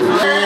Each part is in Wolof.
Yeah.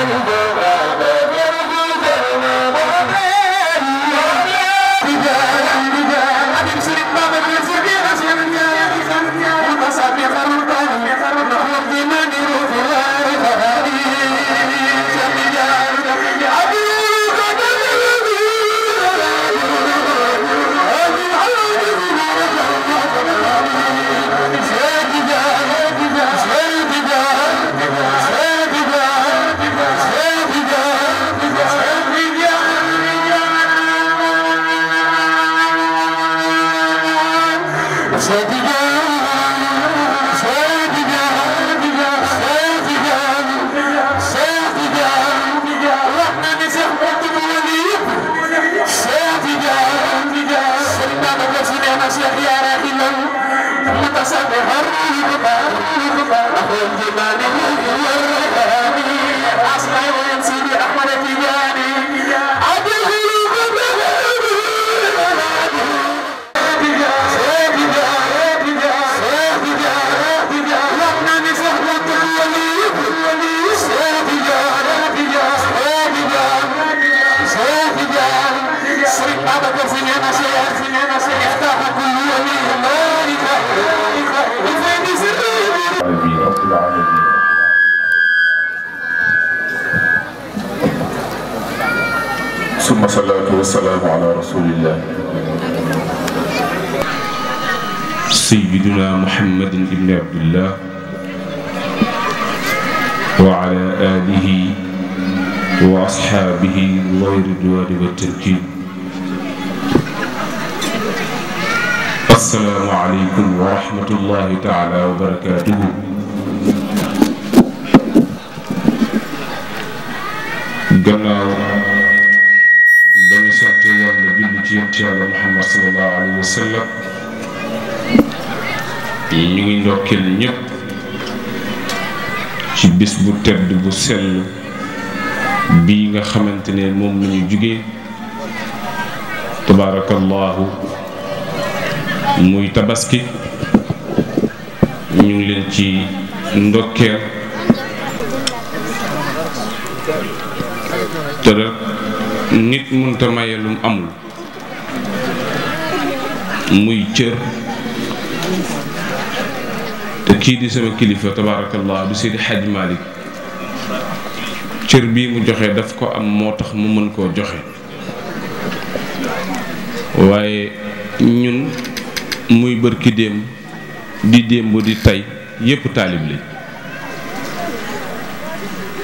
Hallelujah. I'm والصلاة والسلام على رسول الله سيدنا محمد بن عبد الله وعلى آله وأصحابه غير الدوال والتركيب السلام عليكم ورحمة الله تعالى وبركاته ci yonent yàlla muhammad sallallahu alayhi wa sallam ñu ngi ndokkeel ñëpp ci bis bu tedd bu sell bi nga xamante ne moom lañu jugee tabaarakallaahu muy tabaski ñu ngi leen ci ndokkeel te nit mënta maye lu amul muy cër te kii di sama kilifa tabaarakallah di Seydi Hadj Malick cër bii mu joxe daf ko am moo tax mu mën koo joxe waaye ñun muy bërki démb di démb di tey yépp taalib lañ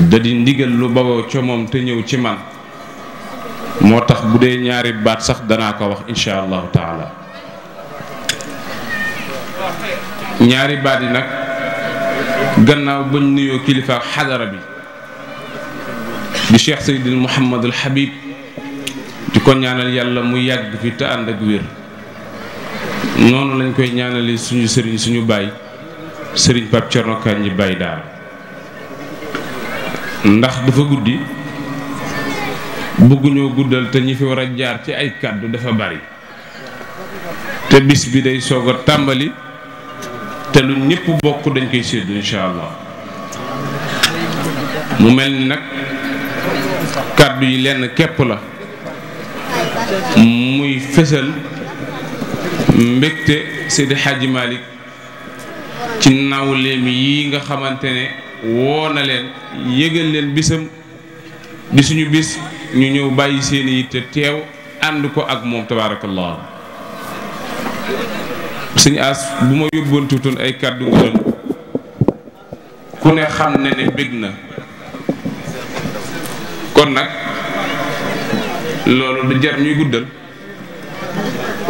da di ndigal lu bawoo ca moom te ñëw ci man moo tax bu dee ñaari baat sax danaa ko wax incha allahu taala ñaari baat yi nag gannaaw bañ nuyoo kilifa xadara bi di cheikh seydil mouhamadul habib di ko ñaanal yàlla mu yàgg fi te ànd ak wér noonu lañ koy ñaanali suñu sëriñ suñu baay sëriñ Pape Thierno Kandji Baye ndax dafa guddi bëgguñoo guddal te ñi fi war a jaar ci ay kàddu dafa bari te bis bi day soog a tàmbali تلو نيب بوك ان شاء الله مو مل نك كادو يلن كيب لا موي فيسل مبكتي سيدي حاجي مالك تي ناوليم ييغا خامتاني وونا الله suñu as bu ma yóbbantuutoon ay kàddu ngërëm ku ne xam ne ne bég na kon nag loolu du jar ñuy guddal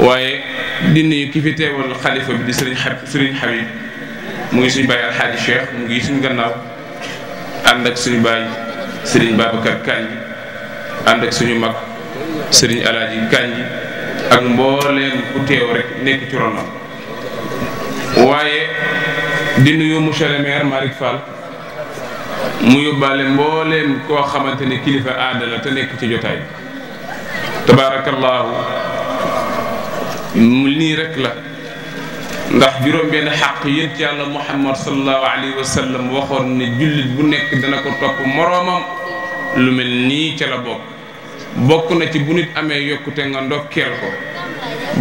waaye di nuyu ki fi teewal xalifa bi di sëriñ xab sëriñ Habib mu ngi suñu bàyyi alxaaji Cheikh mu ngi suñu gannaaw ànd ak suñu bàyyi sëriñ Babacar Kanji ànd ak suñu mag sëriñ Alaaji Kanji ak mbooleem ku teew rek nekk ci ronam waaye di nuyu monsieur le maire Malick Fall mu yóbbaale mbooleem koo xamante ne kilifa aada la te nekk ci jotaay tabaarakallaahu mu nii rek la ndax juróom-benn xàq yént yàlla muhammad sallallahu alayhi wa sallam waxoon ne jullit bu nekk dana ko topp moroomam lu mel nii ca la bokk bokk na ci bu nit amee yokkute nga ndokkeel ko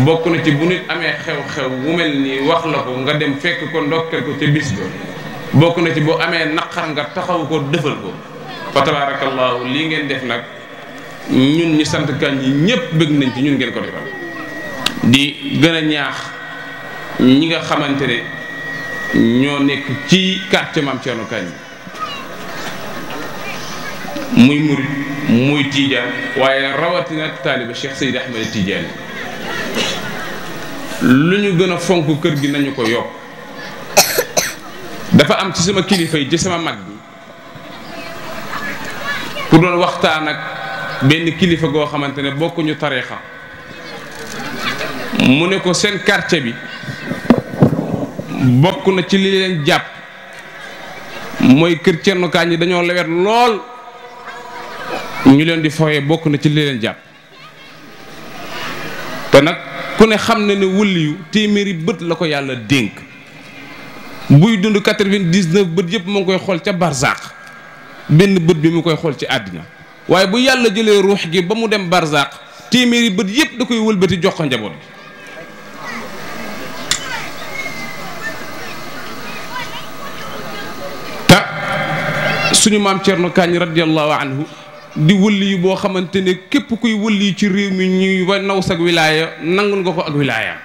bokk na ci bu nit amee xew-xew mu mel nii wax la ko nga dem fekk ko ndokkeel ko ca bis ba bokk na ci bu amee naqar nga taxaw ko defal ko fa tabaarakallaahu lii ngeen def nag ñun ñu sant kan yi ñépp bëgg nañ ci ñun ngeen ko defal di gën ñaax ñi nga xamante ne ñoo nekk ci quartier Maam Cerno Kan muy murit muy tiijaan waaye rawatina taaliba Cheikh Seydi Ahmed Tidiane lu ñu gën fonk kër gi nañu ko yokk dafa am ci sama kilifa yi ci sama mag bi ku doon waxtaan ak benn kilifa goo xamante ne bokkuñu tariixa mu ne ko seen quartier bi bokk na ci li leen jàpp mooy kër cernukaan yi dañoo lewet lool ñu leen di foyee bokk na ci li leen jàpp te nag ku ne xam na ne wëliyu téeméeri bët la ko yàlla dénk buy dund quatre-vingt-dix-neuf bët yëpp moo ngi koy xool ca barzaq benn bët bi mu koy xool ci àddina waaye bu yàlla jëlee ruux gi ba mu dem barzaq téeméeri bët yëpp da koy wëlbati jox ko njaboot bi suñu maam Cerno Kaañ radiyallahu anhu di wëlli boo xamante ne képp kuy wëlli ci réew mi ñuy wa naw sag wilaaya nangul nga ko ak wilaaya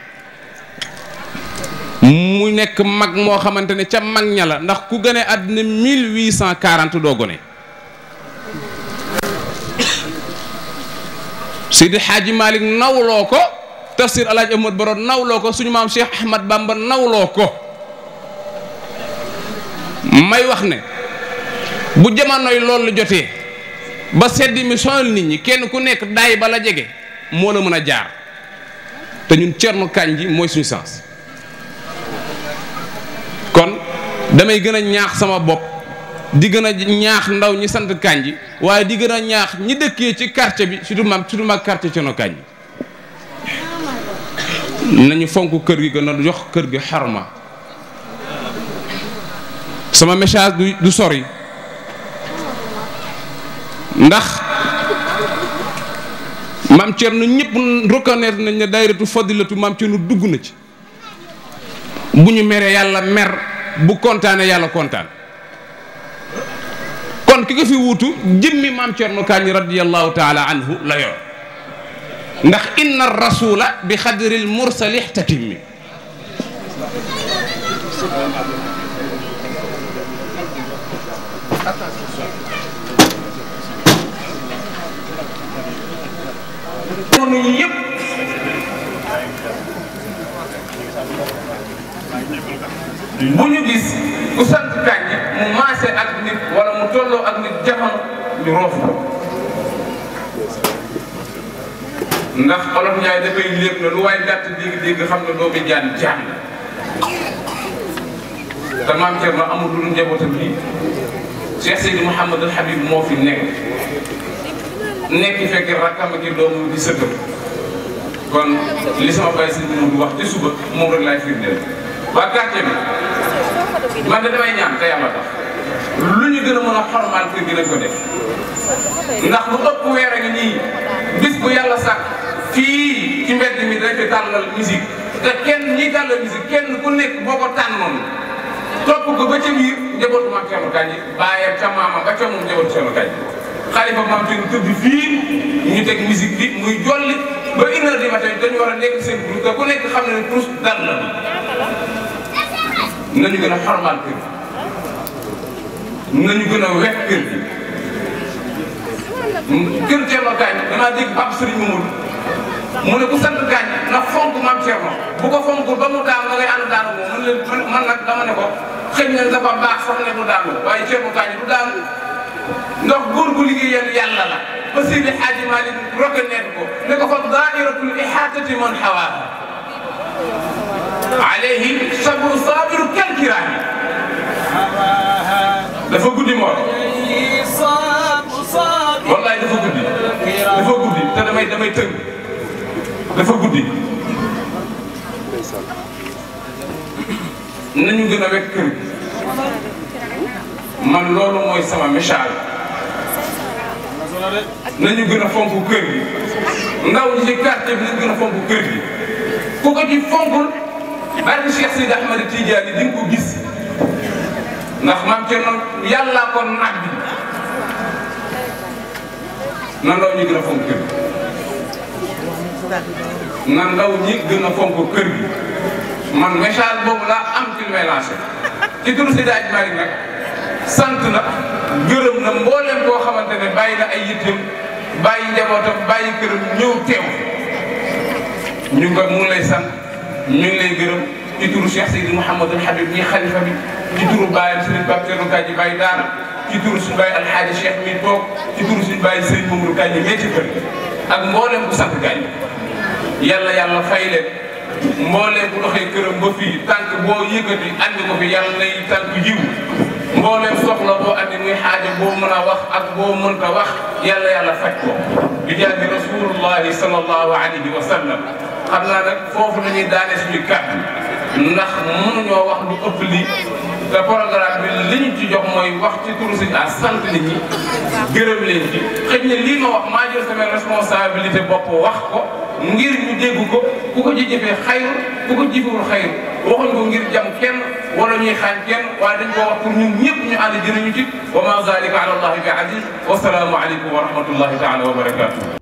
mu nekk mag moo xamante ne ca mag ña la ndax ku gënee àddina 1840 doo gone di Xaaji Malick nawloo ko tafsir Alaaji Ahmad Baro nawloo ko suñu maam Cheikh Ahmad Bamba nawloo ko may wax ne bu jamonoy loolu jotee ba sedd mi sonal nit ñi kenn ku nekk daay ba la jege moo la mën a jaar te ñun Thierno Kandji mooy suñu sens kon damay gën a ñaax sama bopp di gën a ñaax ndaw ñi sant Kandji waaye di gën a ñaax ñi dëkkee ci quartier bi surtout maam surtout ma quartier Thierno nañu fonk kër gi gën a jox kër gi xarma sama message du sori ndax maam na ñëpp reconnaître nañ ne dayratu fadilatu maam Thierno dugg na ci bu ñu meree yàlla mer bu kontaanee yàlla kontaan kon ki ko fi wuutu jëmmi maam Thierno Kandji radiyallahu taala anhu la yor ndax inna rasula bi xadril mursal ixtatimi yoon yi yëpp bu ñu gis ku sant kàññi mu maase ak nit wala mu tolloo ak nit jamono ñu roof ndax olof Njaay dafay lépp na lu waay gàtt dégg-dégg xam ne doo bi jaan jaan te maam Thierno amul lu njabootam lii Cheikh Seydi Mouhamadul Habib moo fi nekk. nekk fekk rakkam ak doomam di sëtam kon li sama bàyyi si moom wax ci suba moom rek laay firndeel waa quartier bi man de ñaan tax lu ñu gën a mën a ko def ndax lu ëpp weer a ngi bis bu yàlla sàkk fii ci mbedd mi dañ fi tàllal musique te kenn ñi tàllal musique kenn ku nekk boo ko tànnoon topp ko ba ca biir njabootu maam Cerno ca ba ca xalifa maam ten tëdd fii ñu teg musique bi muy jolli ba une heure du matin dañu war a nekk seen groupe te xam ne tous dal la nañu gën a xormaal kër gi nañu gën a wekk kër dégg Pape Serigne Mamadou mu ne ku sant Gagne na fonk maam Thierno bu ko fonkul ba mu daan nga ngay ànd ko xëy na dafa baax sax ne du daanu waaye Thierno Gagne du daanu ndax góor gu liggéeyal yàlla la ba Seydi Hadji Malick reconnaître ko ne ko fa dairatul ihatati man hawaaha alayhi sabru sabiru kal kiraami dafa guddi moo wallaay dafa guddi dafa guddi te damay damay tëng dafa guddi nañu gën a wekk kër man loolu mooy sama message nañu gën a fonk kër gi ndaw ñi ci quartier bi gën a fonk kër gi ku ko ci fonkul barke Cheikh Sidi Ahmed Tidiane di nga ko gis ndax maam Thierno yàllaa ko naaj bi na ndaw ñi gën a fonk kër gi na ndaw ñi gën a fonk kër gi man message boobu laa am ci lu may lancé ci turu Seydi nag sant na gërëm na mbooleem boo xamante ne bàyyi na ay yittim bàyyi njabootam bàyyi këram ñëw tew ñu ngi mu ngi lay sant ñu ngi lay gërëm ci turu mu Seydi Mouhamadul Habib ñi xalifa bi ci turu baayam Serigne Pape Thierno Kandji Baye Daara ci turu suñu baay Alxaaji Cheikh mi toog ci turu suñu baay Serigne Mamadou Kandji mee ci kër ak mbooleem bu sant Kandji yàlla yàlla fay leen mbooleem bu doxee këram ba fii tànk boo yëkkati andi ko fi yàlla nay tànk yiw mbooleem soxla boo andi muy xaaja boo mën a wax ak boo mën ko wax yàlla yàlla faj ko bi jaabi rasulullahi sallallahu alayhi wa sallam xam naa nag foofu la ñuy daane suñu kàddu ndax mënuñoo wax lu ëpp lii te programme bi li ñu ci jox mooy wax ci turu Sëñ As sant nit ñi gërëm leen ci xëy na lii ma wax maa jël sama responsabilité bopp wax ko ngir ñu dégg ko ku ko ci jëfee xayru ku ko jëfewul xayru waxuñ ko ngir jam kenn ولم يخانكم وادن جوابهم يبني على جنوجي وما ذلك على الله بعزيز والسلام عليكم ورحمة الله تعالى وبركاته